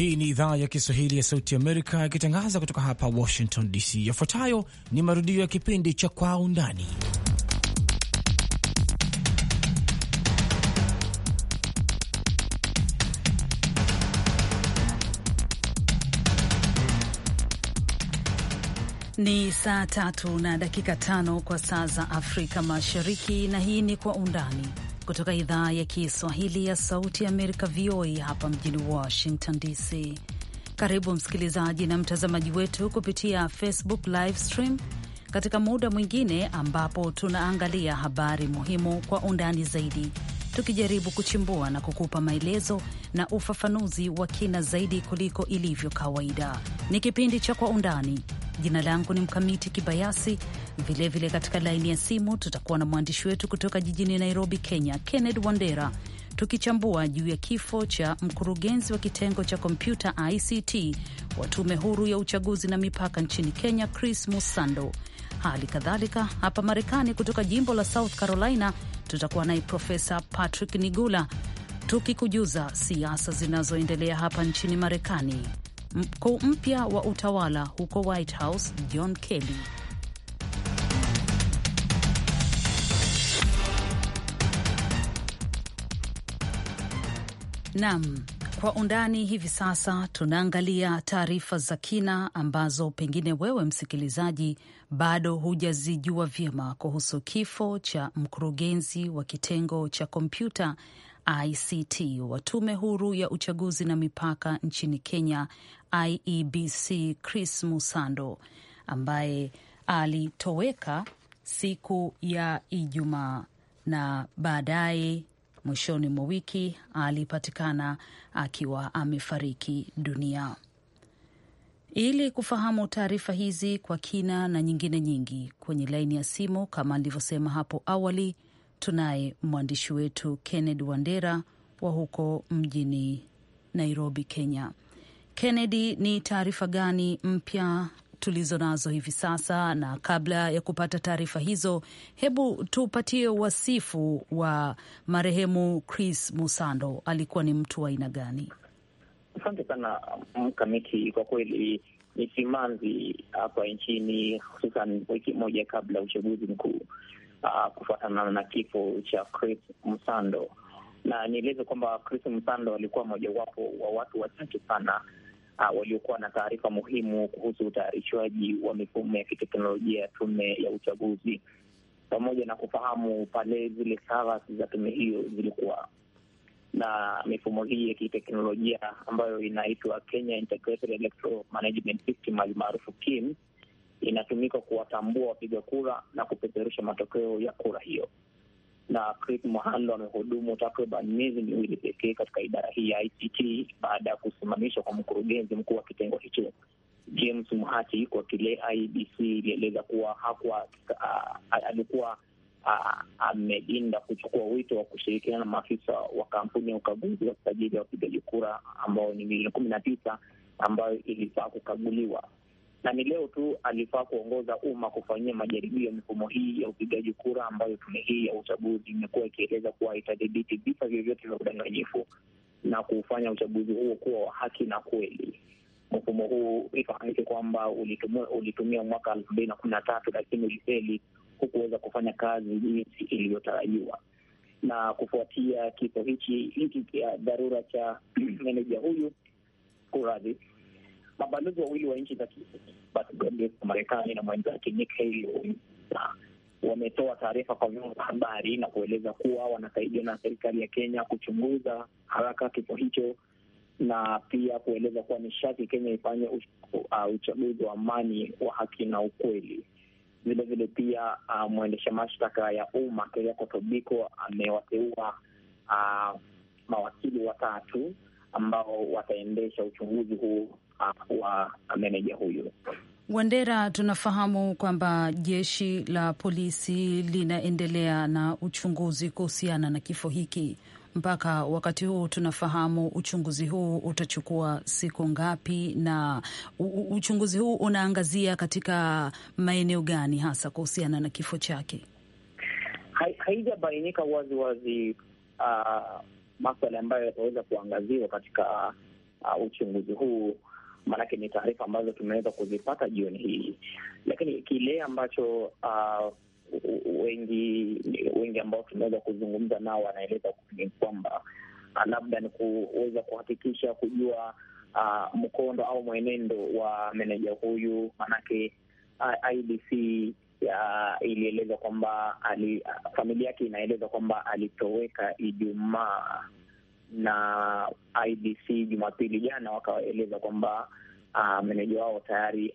Hii ni idhaa ya Kiswahili ya Sauti Amerika ikitangaza kutoka hapa Washington DC. Yafuatayo ni marudio ya kipindi cha Kwa Undani. Ni saa tatu na dakika tano kwa saa za Afrika Mashariki, na hii ni Kwa Undani kutoka idhaa ya Kiswahili ya Sauti Amerika, VOA hapa mjini Washington DC. Karibu msikilizaji na mtazamaji wetu kupitia Facebook live stream katika muda mwingine ambapo tunaangalia habari muhimu kwa undani zaidi, tukijaribu kuchimbua na kukupa maelezo na ufafanuzi wa kina zaidi kuliko ilivyo kawaida. Ni kipindi cha Kwa Undani. Jina langu ni Mkamiti Kibayasi, Vilevile vile katika laini ya simu tutakuwa na mwandishi wetu kutoka jijini Nairobi, Kenya, Kenneth Wandera, tukichambua juu ya kifo cha mkurugenzi wa kitengo cha kompyuta ICT wa tume huru ya uchaguzi na mipaka nchini Kenya, Chris Musando. Hali kadhalika hapa Marekani, kutoka jimbo la South Carolina tutakuwa naye Profesa Patrick Nigula tukikujuza siasa zinazoendelea hapa nchini Marekani, mkuu mpya wa utawala huko White House John Kelly Naam, kwa undani hivi sasa tunaangalia taarifa za kina ambazo pengine wewe msikilizaji bado hujazijua vyema kuhusu kifo cha mkurugenzi wa kitengo cha kompyuta ICT wa tume huru ya uchaguzi na mipaka nchini Kenya IEBC Chris Musando ambaye alitoweka siku ya Ijumaa na baadaye mwishoni mwa wiki alipatikana akiwa amefariki dunia. Ili kufahamu taarifa hizi kwa kina na nyingine nyingi, kwenye laini ya simu kama alivyosema hapo awali, tunaye mwandishi wetu Kennedy Wandera wa huko mjini Nairobi, Kenya. Kennedy, ni taarifa gani mpya tulizo nazo hivi sasa, na kabla ya kupata taarifa hizo, hebu tupatie wasifu wa marehemu Chris Musando. Alikuwa ni mtu wa aina gani? Asante sana Mkamiti, kwa kweli ni simanzi hapa nchini, hususan wiki moja kabla ya uchaguzi mkuu uh, kufuatana na kifo cha Chris Musando, na nieleze kwamba Chris Musando alikuwa mojawapo wa watu wachache sana uh, waliokuwa na taarifa muhimu kuhusu utayarishwaji wa mifumo ya kiteknolojia ya tume ya uchaguzi pamoja na kufahamu pale zile sarafu za tume hiyo zilikuwa na mifumo hii ya kiteknolojia ambayo inaitwa Kenya Integrated Electoral Management System almaarufu KIEMS inatumika kuwatambua wapiga kura na kupeperusha matokeo ya kura hiyo na Chris Mohando amehudumu takriban miezi miwili pekee katika idara hii ya ICT baada ya kusimamishwa kwa mkurugenzi mkuu wa kitengo hicho. James mhati kwa kile IBC ilieleza kuwa hakuwa uh, alikuwa uh, amejinda kuchukua wito wa kushirikiana na maafisa wa kampuni ya ukaguzi wa usajili wa wapigaji kura ambao ni milioni kumi na tisa ambayo ilifaa kukaguliwa na ni leo tu alifaa kuongoza umma kufanyia majaribio ya mifumo hii ya upigaji kura ambayo tume hii ya uchaguzi imekuwa ikieleza kuwa itadhibiti visa vyovyote vya udanganyifu na kufanya uchaguzi huo kuwa wa haki na kweli. Mfumo huu ifahamike kwamba ulitumia, ulitumia mwaka elfu mbili na kumi na tatu lakini ulifeli hukuweza kufanya kazi jinsi iliyotarajiwa Na kufuatia kifo hichi hiki cha eh, dharura cha meneja huyu kuradhi mabalozi wawili wa nchi za Marekani na mwenzake Nikki Haley wametoa taarifa kwa vyombo vya habari na kueleza kuwa wanasaidia na serikali ya Kenya kuchunguza haraka kifo hicho na pia kueleza kuwa nishati Kenya ifanye uh, uchaguzi wa amani wa haki na ukweli. Vilevile pia uh, mwendesha mashtaka ya umma Keriako Tobiko amewateua uh, mawakili watatu ambao wataendesha uchunguzi huu wa meneja huyu. Wandera, tunafahamu kwamba jeshi la polisi linaendelea na uchunguzi kuhusiana na kifo hiki. Mpaka wakati huu tunafahamu uchunguzi huu utachukua siku ngapi, na uchunguzi huu unaangazia katika maeneo gani hasa kuhusiana na kifo chake? Haijabainika wazi wazi uh, maswala ambayo yataweza kuangaziwa katika uh, uchunguzi huu maanake ni taarifa ambazo tumeweza kuzipata jioni hii, lakini kile ambacho uh, wengi wengi ambao tumeweza kuzungumza nao wanaeleza ni kwamba uh, labda ni kuweza kuhakikisha kujua uh, mkondo au mwenendo wa meneja huyu, maanake uh, IDC uh, ilieleza kwamba familia yake inaeleza kwamba alitoweka Ijumaa na IBC Jumapili jana wakawaeleza kwamba uh, meneja wao tayari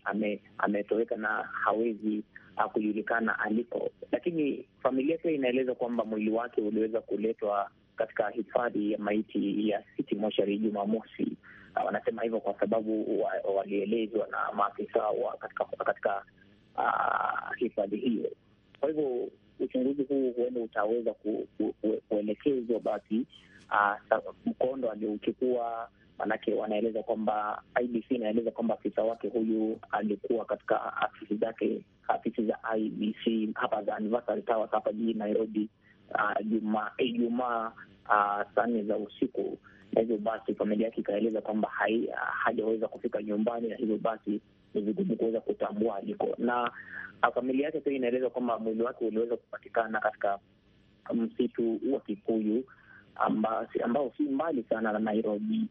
ametoweka ame na hawezi uh, kujulikana aliko, lakini familia pia inaeleza kwamba mwili wake uliweza kuletwa katika hifadhi ya maiti ya City Moshari Jumamosi. Uh, wanasema hivyo kwa sababu walielezwa wa na maafisa wa katika, katika uh, hifadhi hiyo. Kwa hivyo uchunguzi huu huenda utaweza ku, ku, kuelekezwa basi uh, mkondo aliouchukua manake wanaeleza kwamba IBC inaeleza kwamba afisa wake huyu alikuwa katika afisi zake afisi za IBC hapa za Anniversary Towers hapa jijini Nairobi ah, Ijumaa uh, saa nne za usiku, na hivyo basi familia yake ikaeleza kwamba hajaweza kufika nyumbani, na hivyo basi ni vigumu kuweza kutambua aliko. Na familia yake pia inaeleza kwamba mwili wake uliweza kupatikana katika msitu wa Kikuyu ambao si mbali sana na Nairobi.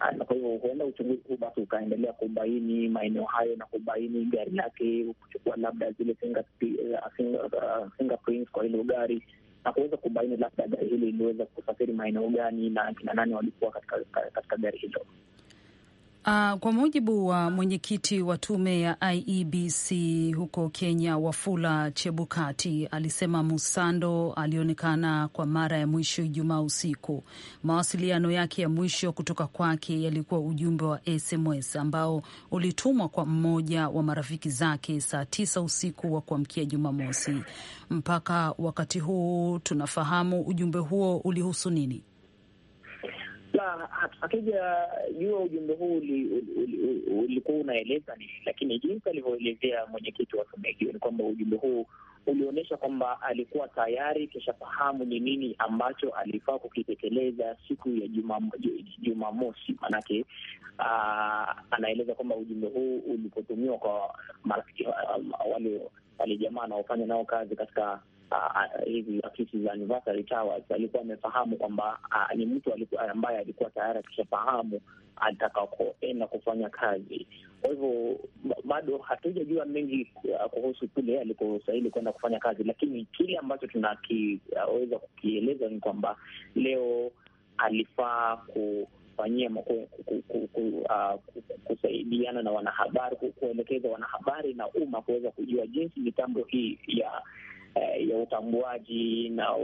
Ah, kwa hivyo huenda uchunguzi huu basi ukaendelea kubaini maeneo hayo na kubaini gari lake, kuchukua labda zile eh, ah, fingerprints kwa hilo gari na kuweza kubaini labda gari hili liliweza kusafiri maeneo gani na kina nani walikuwa katika, katika gari hilo. Uh, kwa mujibu wa mwenyekiti wa tume ya IEBC huko Kenya, Wafula Chebukati alisema Musando alionekana kwa mara ya mwisho Ijumaa usiku. Mawasiliano yake ya mwisho kutoka kwake yalikuwa ujumbe wa SMS ambao ulitumwa kwa mmoja wa marafiki zake saa tisa usiku wa kuamkia Jumamosi. Mpaka wakati huu tunafahamu ujumbe huo ulihusu nini? la, jua ujumbe huu ulikuwa unaeleza nini, lakini jinsi alivyoelezea mwenyekiti wa tume hiyo ni kwamba ujumbe huu ulionyesha kwamba alikuwa tayari kishafahamu ni nini ambacho alifaa kukitekeleza siku ya Jumamosi. Maanake ah, anaeleza kwamba ujumbe huu ulipotumiwa kwa ah, wale jamaa anaofanya nao kazi katika uh, afisi za Anniversary Towers alikuwa amefahamu kwamba uh, ni mtu uh, ambaye alikuwa tayari akishafahamu atakakoenda kufanya kazi. Kwa hivyo bado hatujajua mengi uh, kuhusu kule alikostahili kwenda kufanya kazi, lakini kile ambacho tunaweza kukieleza ni kwamba leo alifaa ku fanyia uh, kusaidiana na wanahabari, kuelekeza wanahabari na umma kuweza kujua jinsi mitambo hii ya eh, ya utambuaji na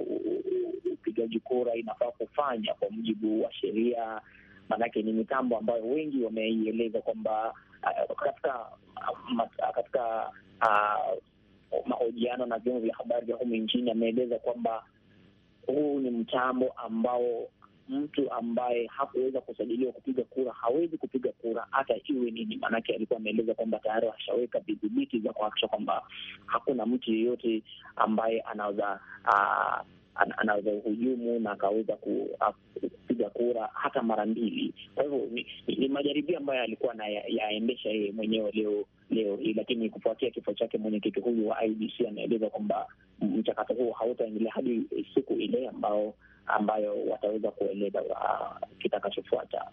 upigaji kura inafaa kufanya kwa mujibu wa sheria. Maanake ni mitambo ambayo wengi wameieleza kwamba uh, katika uh, katika uh, mahojiano na vyombo vya habari vya humu nchini ameeleza kwamba huu ni mtambo ambao mtu ambaye hakuweza kusajiliwa kupiga kura hawezi kupiga kura hata iwe nini, maanake alikuwa ameeleza kwamba tayari washaweka vidhibiti za kuhakikisha kwamba hakuna mtu yeyote ambaye anaweza uh, anaweza uhujumu na akaweza kupiga kura hata mara mbili. Kwa hivyo ni, ni, ni majaribio ambayo alikuwa nayaendesha yeye mwenyewe leo leo hii, lakini kufuatia kifo chake mwenyekiti huyu wa IBC anaeleza kwamba mchakato huo hautaendelea hadi siku ile ambao ambayo wataweza kueleza uh, kitakachofuata.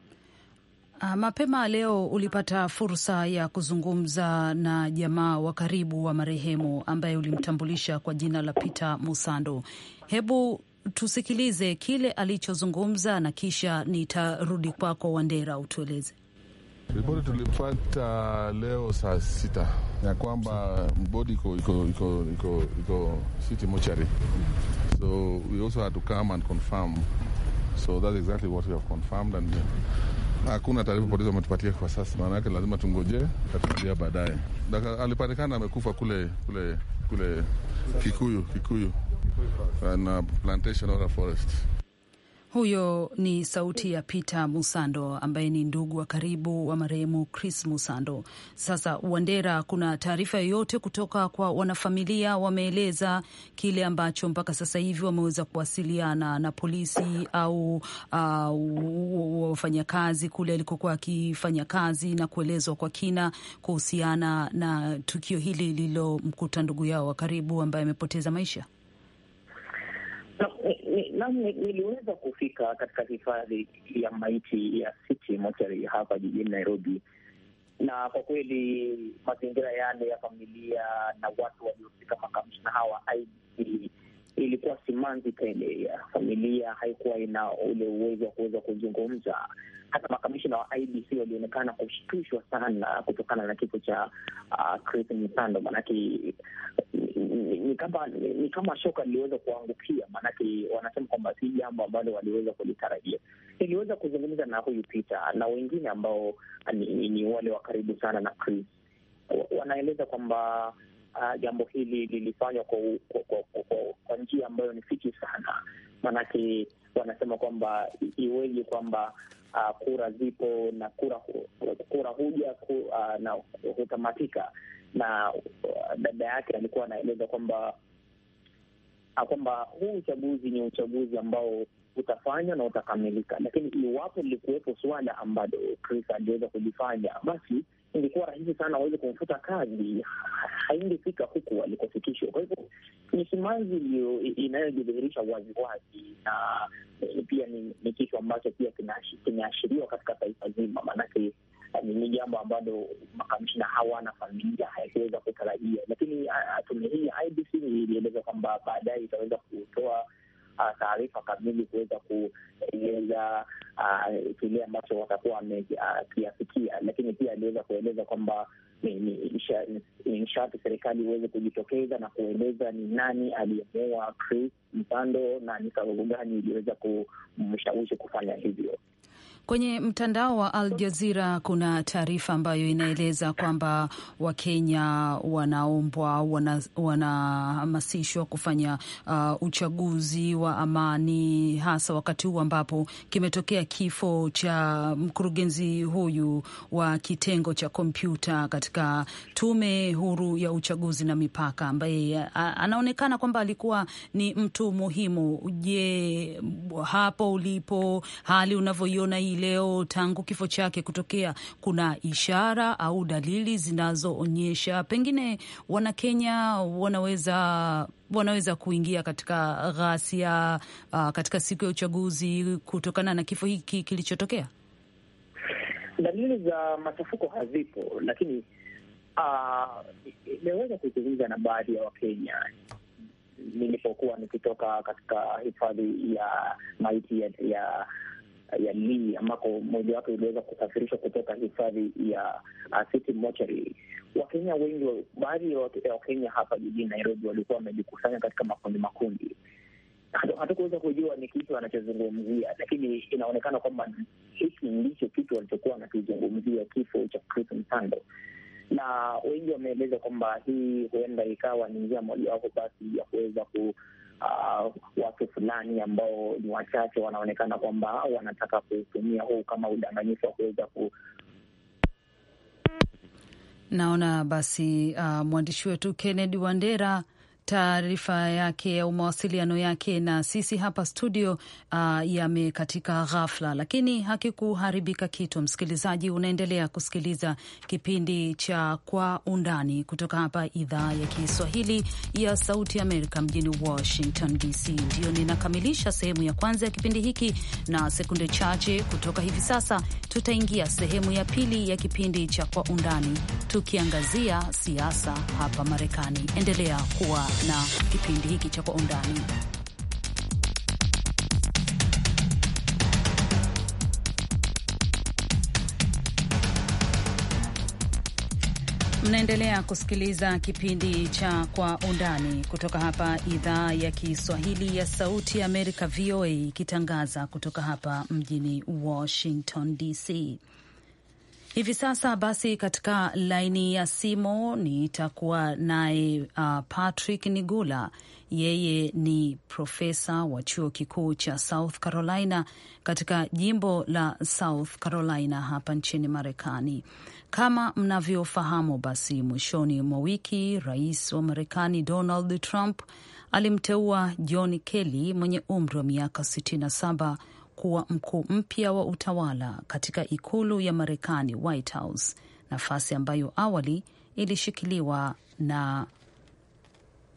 Ah, mapema leo ulipata fursa ya kuzungumza na jamaa wa karibu wa marehemu ambaye ulimtambulisha kwa jina la Peter Musando. Hebu tusikilize kile alichozungumza na kisha nitarudi kwako, Wandera, utueleze. Ripoti tulipata leo saa sita ya kwamba mbodi iko iko iko iko mochari So we also had to come and confirm. So that's exactly what we have confirmed and uh, hakuna taarifa poteza ametupatia kwa sasa, maana yake lazima tungoje tatulia baadaye. Alipatikana amekufa kule kule kule Kikuyu Kikuyu na plantation ora forest huyo ni sauti ya Peter Musando ambaye ni ndugu wa karibu wa marehemu Chris Musando. Sasa Wandera, kuna taarifa yoyote kutoka kwa wanafamilia? Wameeleza kile ambacho mpaka sasa hivi wameweza kuwasiliana na polisi au uh, wafanyakazi kule alikokuwa akifanya kazi na kuelezwa kwa kina kuhusiana na tukio hili lililomkuta ndugu yao wa karibu ambaye amepoteza maisha? niliweza kufika katika hifadhi ya maiti ya City Mochari hapa jijini Nairobi, na kwa kweli mazingira yale ya familia na watu waliofika makamishna hawa ICC ilikuwa simanzi tele. Familia haikuwa ina ule uwezo wa kuweza kuzungumza. Hata makamishina wa IBC walionekana kushtushwa sana kutokana na kifo cha uh, Chris Msando, maanake ni kama ni kama shoka liliweza kuangukia, maanake wanasema kwamba si jambo ambalo waliweza kulitarajia. Niliweza kuzungumza na huyu Peter na wengine ambao ni, ni wale wa karibu sana na Chris, wanaeleza kwamba uh, jambo hili lilifanywa kwa, kwa, kwa, kwa, kwa, kwa njia ambayo ni fiki sana, maanake wanasema kwamba iweje kwamba uh, kura zipo na kura hu, kura huja ku, uh, na hutamatika na uh, dada yake alikuwa anaeleza kwamba uh, kwamba huu uchaguzi ni uchaguzi ambao utafanywa na utakamilika, lakini iwapo lilikuwepo suala ambalo Chris aliweza kujifanya basi ingekuwa rahisi sana waweze kumfuta kazi, haingefika huku walikofikishwa. Kwa hivyo ni simanzi ndio inayojidhihirisha waziwazi, na eh, pia ni kitu ambacho pia kimeashiriwa katika taifa zima, maanake eh, ni jambo ambalo makamishina na familia, hayakuweza kutarajia. Lakini ah, ah, tume hii ya IBC ilieleza kwamba baadaye itaweza kutoa ah, taarifa kamili kuweza kueleza uh, kile ambacho watakuwa wamekiafikia, uh, lakini pia aliweza kueleza kwamba ni, ni sharti serikali iweze kujitokeza na kueleza ni nani aliyemuua Chris Mpando na ni sababu gani iliweza kumshawishi kufanya hivyo. Kwenye mtandao wa Al Jazira kuna taarifa ambayo inaeleza kwamba Wakenya wanaombwa, wanahamasishwa kufanya uh, uchaguzi wa amani, hasa wakati huu ambapo kimetokea kifo cha mkurugenzi huyu wa kitengo cha kompyuta katika Tume Huru ya Uchaguzi na Mipaka, ambaye uh, anaonekana kwamba alikuwa ni mtu muhimu. Je, hapo ulipo hali unavyoiona hii hii leo tangu kifo chake kutokea, kuna ishara au dalili zinazoonyesha pengine Wanakenya wanaweza wanaweza kuingia katika ghasia uh, katika siku ya uchaguzi kutokana na kifo hiki kilichotokea? Dalili za machafuko hazipo, lakini imeweza uh, kuzungumza na baadhi ya Wakenya nilipokuwa nikitoka katika hifadhi ya maiti ya ya Lee ambako mwili wake uliweza kusafirishwa kutoka hifadhi ya uh, City Mortuary. Wakenya wengi, baadhi ya Wakenya hapa jijini Nairobi walikuwa wamejikusanya katika makundi makundi. Hatukuweza kujua ni kitu anachozungumzia, lakini inaonekana kwamba hiki ndicho kitu walichokuwa wanakizungumzia, kifo cha Chris Msando na wengi wameeleza kwamba hii huenda ikawa ni njia mojawapo basi ya kuweza ku uh, watu fulani ambao ni wachache wanaonekana kwamba wanataka kutumia huu kama udanganyifu wa kuweza ku naona basi. Uh, mwandishi wetu Kennedy Wandera taarifa yake au mawasiliano yake na sisi hapa studio uh, yamekatika ghafla, lakini hakikuharibika kitu. Msikilizaji, unaendelea kusikiliza kipindi cha Kwa Undani kutoka hapa idhaa ya Kiswahili ya Sauti Amerika mjini Washington DC. Ndiyo ninakamilisha sehemu ya kwanza ya kipindi hiki, na sekunde chache kutoka hivi sasa tutaingia sehemu ya pili ya kipindi cha Kwa Undani tukiangazia siasa hapa Marekani. Endelea kuwa na kipindi hiki cha Kwa Undani. Mnaendelea kusikiliza kipindi cha Kwa Undani kutoka hapa idhaa ya Kiswahili ya Sauti ya Amerika, VOA, ikitangaza kutoka hapa mjini Washington DC. Hivi sasa basi, katika laini ya simu nitakuwa naye uh, Patrick Nigula. Yeye ni profesa wa chuo kikuu cha South Carolina katika jimbo la South Carolina hapa nchini Marekani. Kama mnavyofahamu, basi mwishoni mwa wiki rais wa Marekani Donald Trump alimteua John Kelly mwenye umri wa miaka 67 kuwa mkuu mpya wa utawala katika ikulu ya Marekani, White House, nafasi ambayo awali ilishikiliwa na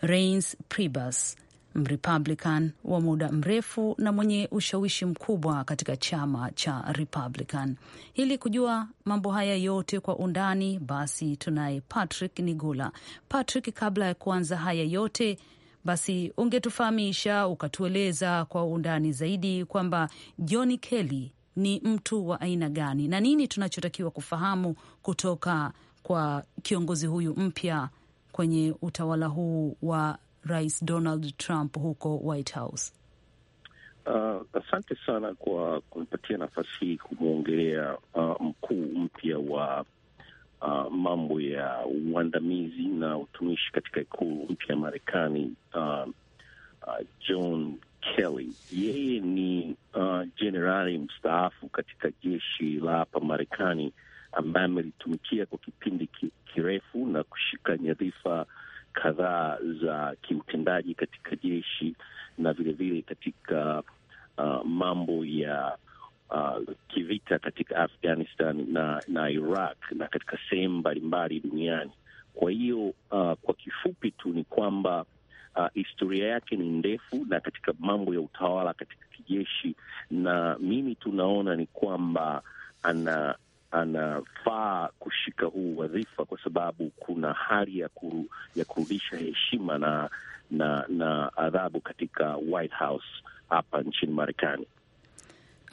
Reince Priebus, Mrepublican wa muda mrefu na mwenye ushawishi mkubwa katika chama cha Republican. Ili kujua mambo haya yote kwa undani, basi tunaye Patrick Nigula. Patrick, kabla ya kuanza haya yote basi ungetufahamisha ukatueleza kwa undani zaidi kwamba John Kelly ni mtu wa aina gani na nini tunachotakiwa kufahamu kutoka kwa kiongozi huyu mpya kwenye utawala huu wa Rais Donald Trump huko White House. Uh, asante sana kwa kunipatia nafasi hii kumwongelea uh, mkuu mpya wa uh, mambo ya uandamizi na utumishi katika ikulu mpya ya Marekani uh, uh, John Kelly yeye ni uh, jenerali uh, mstaafu katika jeshi la hapa Marekani ambaye amelitumikia kwa kipindi kirefu na kushika nyadhifa kadhaa za kiutendaji katika jeshi na vilevile vile katika uh, mambo ya uh, kivita katika Afghanistan na, na Iraq na katika sehemu mbalimbali duniani. Kwa hiyo uh, kwa kifupi tu ni kwamba uh, historia yake ni ndefu na katika mambo ya utawala katika kijeshi, na mimi tunaona ni kwamba ana anafaa kushika huu wadhifa kwa sababu kuna hali ya, kuru, ya kurudisha heshima na na na adhabu katika White House hapa nchini Marekani.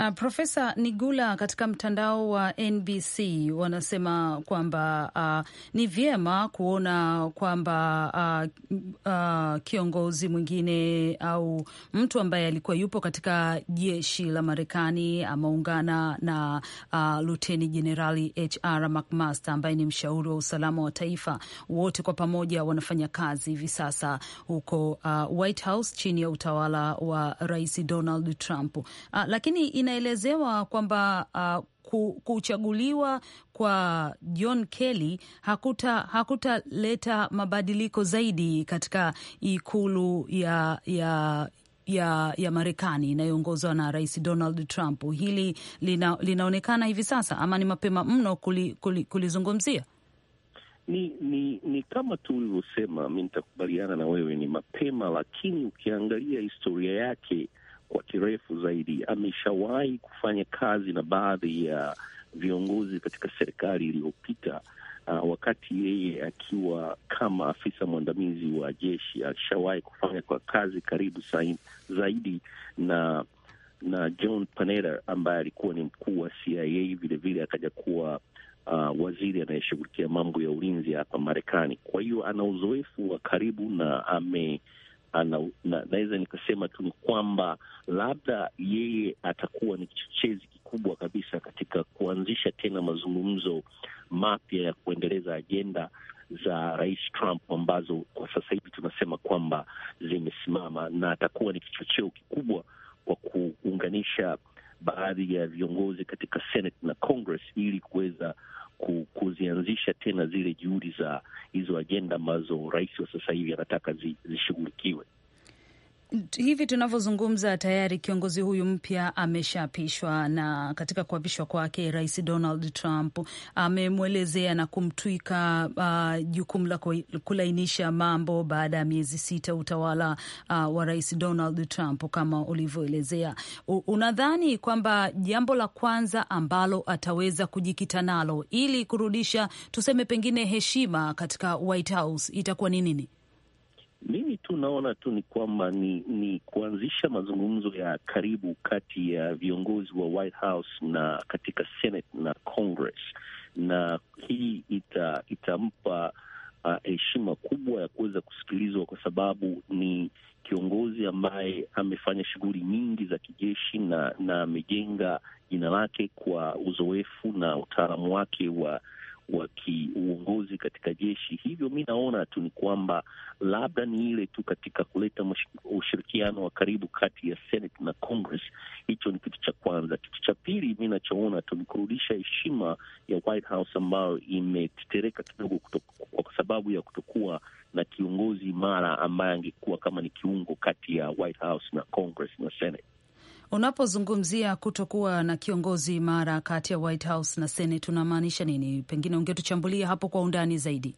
Uh, Profesa Nigula, katika mtandao wa NBC wanasema kwamba uh, ni vyema kuona kwamba uh, uh, kiongozi mwingine au mtu ambaye alikuwa yupo katika jeshi la Marekani ameungana na uh, Luteni Jenerali HR McMaster ambaye ni mshauri wa usalama wa taifa. Wote kwa pamoja wanafanya kazi hivi sasa huko uh, White House chini ya utawala wa Rais Donald Trump uh, lakini ina inaelezewa kwamba uh, kuchaguliwa kwa John Kelly hakuta hakutaleta mabadiliko zaidi katika ikulu ya, ya ya, ya Marekani inayoongozwa na Rais Donald Trump. Hili lina, linaonekana hivi sasa ama ni mapema mno kulizungumzia? Ni, ni, ni kama tu ulivyosema, mi nitakubaliana na wewe, ni mapema, lakini ukiangalia historia yake kwa kirefu zaidi. Ameshawahi kufanya kazi na baadhi ya viongozi katika serikali iliyopita. Uh, wakati yeye akiwa kama afisa mwandamizi wa jeshi alishawahi kufanya kwa kazi karibu sain, zaidi na na John Panetta ambaye alikuwa ni mkuu wa CIA, vilevile akaja kuwa uh, waziri anayeshughulikia mambo ya ulinzi hapa Marekani. Kwa hiyo ana uzoefu wa karibu na ame Ah, naweza nikasema tu ni kwamba labda yeye atakuwa ni kichochezi kikubwa kabisa katika kuanzisha tena mazungumzo mapya ya kuendeleza ajenda za Rais Trump ambazo kwa sasa hivi tunasema kwamba zimesimama, na atakuwa ni kichocheo kikubwa kwa kuunganisha baadhi ya viongozi katika Senate na Congress ili kuweza kuzianzisha tena zile juhudi za hizo ajenda ambazo rais wa sasa hivi anataka zishughulikiwe hivi tunavyozungumza tayari kiongozi huyu mpya ameshaapishwa, na katika kuapishwa kwake Rais Donald Trump amemwelezea na kumtwika uh, jukumu la kulainisha mambo baada ya miezi sita utawala uh, wa Rais Donald Trump. Kama ulivyoelezea, unadhani kwamba jambo la kwanza ambalo ataweza kujikita nalo ili kurudisha tuseme, pengine heshima katika White House itakuwa ni nini? Mimi tu naona tu ni kwamba ni, ni kuanzisha mazungumzo ya karibu kati ya viongozi wa White House na katika Senate na Congress, na hii ita, itampa uh, heshima uh, kubwa ya kuweza kusikilizwa kwa sababu ni kiongozi ambaye amefanya shughuli nyingi za kijeshi na na amejenga jina lake kwa uzoefu na utaalamu wake wa wa kiuongozi katika jeshi. Hivyo mi naona tu ni kwamba labda ni ile tu katika kuleta ushirikiano wa karibu kati ya Senate na Congress. Hicho ni kitu cha kwanza. Kitu cha pili mi nachoona tu ni kurudisha heshima ya White House ambayo imetetereka kidogo kwa sababu ya kutokuwa na kiongozi imara ambaye angekuwa kama ni kiungo kati ya White House na Congress na Senate. Unapozungumzia kutokuwa na kiongozi imara kati ya White House na Senate unamaanisha nini? Pengine ungetuchambulia hapo kwa undani zaidi.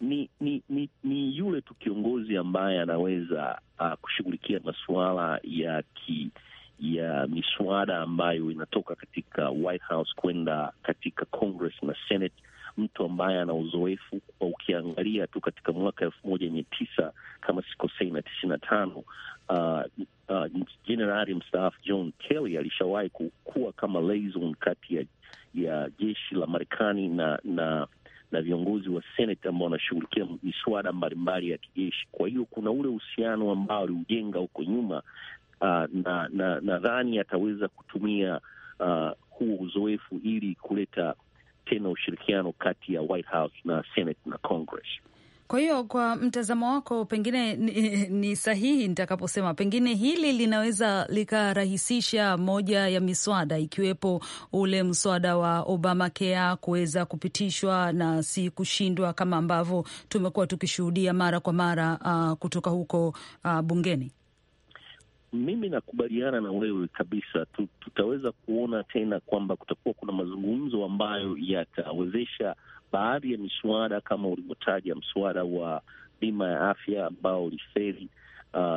Ni ni ni, ni yule tu kiongozi ambaye anaweza uh, kushughulikia masuala ya ki ya miswada ambayo inatoka katika White House kwenda katika Congress na Senate mtu ambaye ana uzoefu kwa, ukiangalia tu katika mwaka elfu moja mia tisa kama sikosei na tisini na tano uh, uh, jenerali mstaafu John Kelly alishawahi kuwa kama liaison kati ya, ya jeshi la Marekani na na na viongozi wa Senate ambao wanashughulikia miswada mbalimbali ya kijeshi. Kwa hiyo kuna ule uhusiano ambao aliujenga huko nyuma, uh, na nadhani na ataweza kutumia uh, huo uzoefu ili kuleta tena ushirikiano kati ya White House na Senate na Congress. Kwa hiyo kwa mtazamo wako, pengine ni, ni sahihi nitakaposema pengine hili linaweza likarahisisha moja ya miswada ikiwepo ule mswada wa Obamacare kuweza kupitishwa na si kushindwa kama ambavyo tumekuwa tukishuhudia mara kwa mara uh, kutoka huko uh, bungeni mimi nakubaliana na wewe kabisa. Tutaweza kuona tena kwamba kutakuwa kuna mazungumzo ambayo yatawezesha baadhi ya miswada kama ulivyotaja mswada wa bima ya afya ambao uliferi,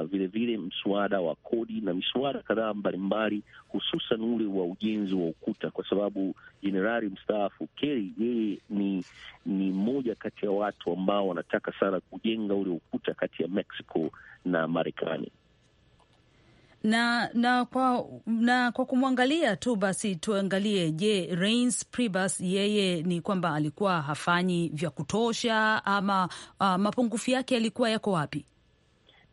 vilevile uh, mswada wa kodi na miswada kadhaa mbalimbali, hususan ule wa ujenzi wa ukuta, kwa sababu jenerali mstaafu Kerry yeye ni ni mmoja kati ya watu ambao wanataka sana kujenga ule ukuta kati ya Mexico na Marekani na, na kwa, na kwa kumwangalia tu basi tuangalie, je, Reince Priebus yeye ni kwamba alikuwa hafanyi vya kutosha ama uh, mapungufu yake yalikuwa yako wapi?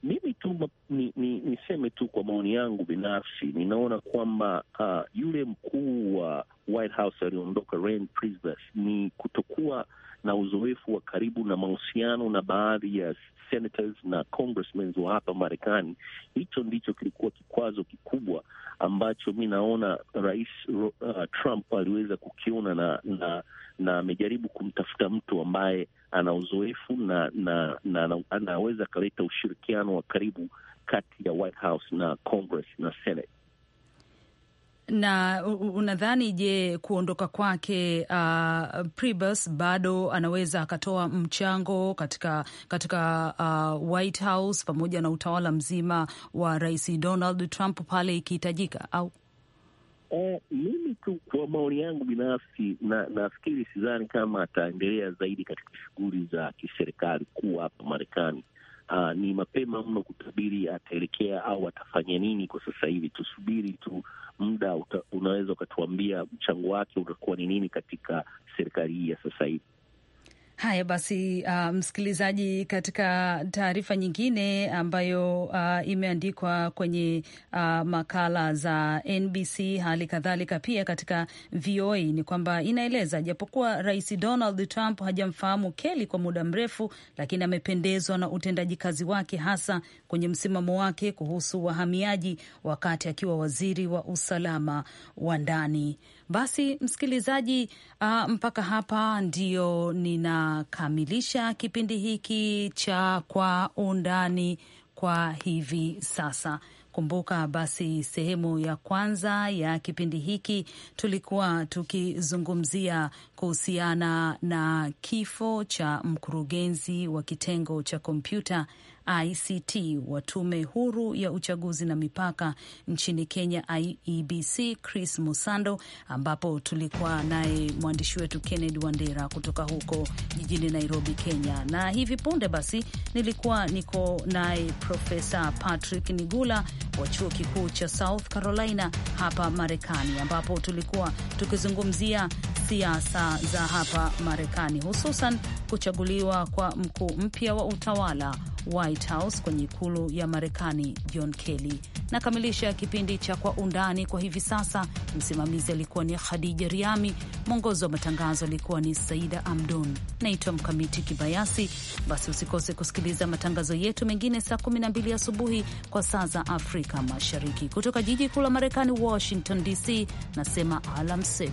Mimi tu ni, ni, niseme tu kwa maoni yangu binafsi, ninaona kwamba uh, yule mkuu wa White House aliondoka Reince Priebus ni kutokuwa na uzoefu wa karibu na mahusiano na baadhi ya senators na congressmen wa hapa Marekani. Hicho ndicho kilikuwa kikwazo kikubwa ambacho mi naona rais uh, Trump aliweza kukiona na na na amejaribu kumtafuta mtu ambaye ana uzoefu na na, na, na anaweza akaleta ushirikiano wa karibu kati ya White House na Congress na Senate. Na unadhani je, kuondoka kwake uh, bado anaweza akatoa mchango katika, katika uh, White House pamoja na utawala mzima wa Rais Donald Trump pale ikihitajika au Eh, mimi tu kwa maoni yangu binafsi na nafikiri, sidhani kama ataendelea zaidi katika shughuli za kiserikali kuu hapa Marekani uh, ni mapema mno kutabiri ataelekea au atafanya nini kwa sasa hivi. Tusubiri tu muda unaweza ukatuambia mchango wake utakuwa ni nini katika serikali hii ya sasa hivi. Haya basi, uh, msikilizaji, katika taarifa nyingine ambayo uh, imeandikwa kwenye uh, makala za NBC hali kadhalika pia katika VOA ni kwamba inaeleza, japokuwa Rais Donald Trump hajamfahamu Kelly kwa muda mrefu, lakini amependezwa na utendaji kazi wake, hasa kwenye msimamo wake kuhusu wahamiaji wakati akiwa waziri wa usalama wa ndani. Basi msikilizaji, uh, mpaka hapa ndio ninakamilisha kipindi hiki cha Kwa Undani kwa hivi sasa. Kumbuka basi, sehemu ya kwanza ya kipindi hiki tulikuwa tukizungumzia kuhusiana na kifo cha mkurugenzi wa kitengo cha kompyuta ICT wa tume huru ya uchaguzi na mipaka nchini Kenya, IEBC, Chris Musando, ambapo tulikuwa naye mwandishi wetu kenned Wandera kutoka huko jijini Nairobi, Kenya. Na hivi punde basi nilikuwa niko naye Profesa Patrick Nigula wa chuo kikuu cha South Carolina hapa Marekani, ambapo tulikuwa tukizungumzia siasa za hapa Marekani, hususan kuchaguliwa kwa mkuu mpya wa utawala White House kwenye ikulu ya Marekani John Kelly. Nakamilisha kipindi cha Kwa Undani kwa hivi sasa. Msimamizi alikuwa ni Khadija Riami, mwongozi wa matangazo alikuwa ni Saida Amdun. Naitwa Mkamiti Kibayasi. Basi usikose kusikiliza matangazo yetu mengine saa 12 asubuhi kwa saa za Afrika Mashariki, kutoka jiji kuu la Marekani, Washington DC. Nasema alamsik.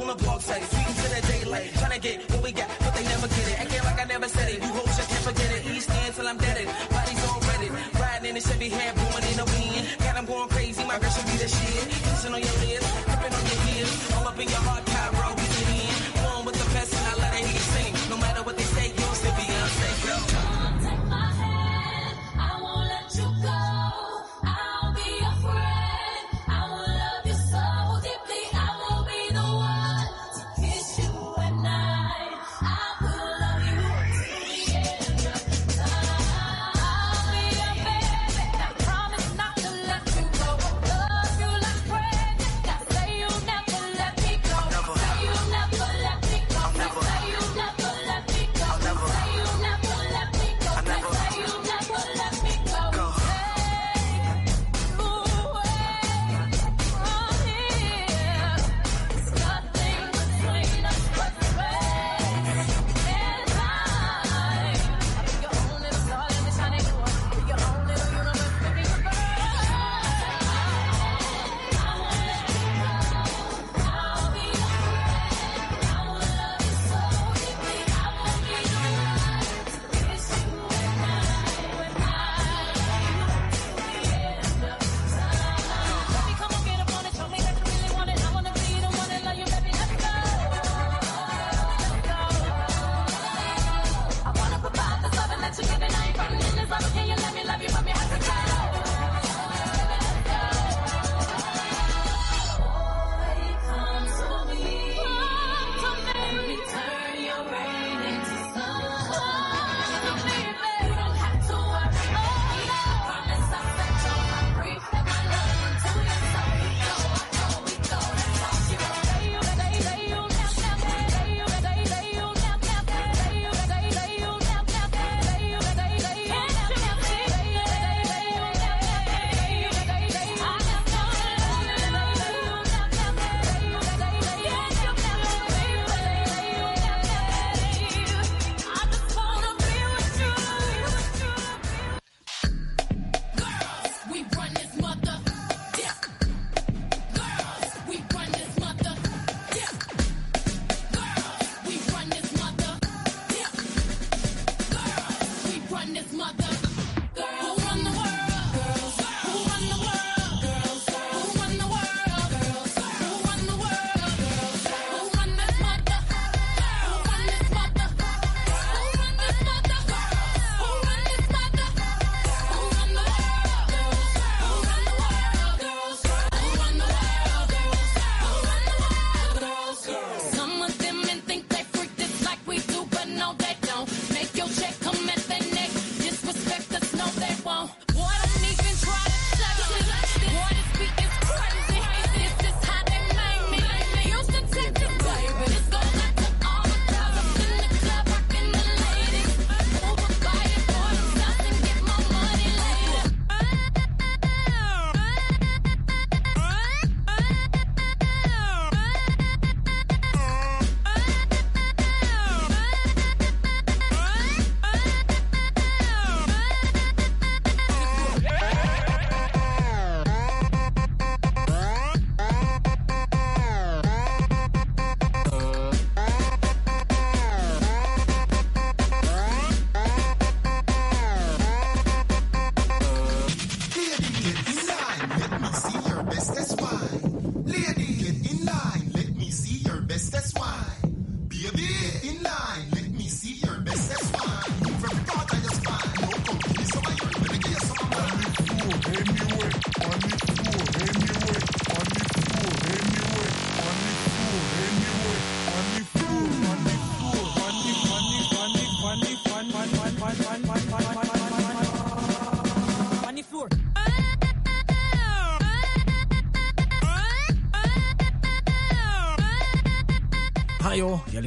on the blog site, sweet to the daylight, Tryna get what we got, but they never get it. Acting like I never said it. You hope just can't forget it. East end till I'm dead. It. Bodies all ready. riding in the Chevy head, blowing in the wind. God, I'm going crazy. My girl should be the shit. Kissing on your lips, tripping on your heels, all up in your heart.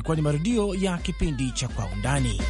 yalikuwa ni marudio ya kipindi cha Kwa Undani.